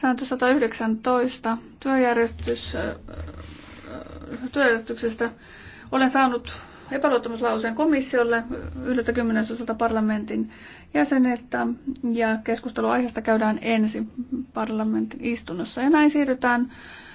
sääntö 119 työjärjestys, työjärjestyksestä. Olen saanut epäluottamuslauseen komissiolle yhdeltä kymmenesosalta parlamentin jäseniltä ja keskustelu aiheesta käydään ensin parlamentin istunnossa. Ja näin siirrytään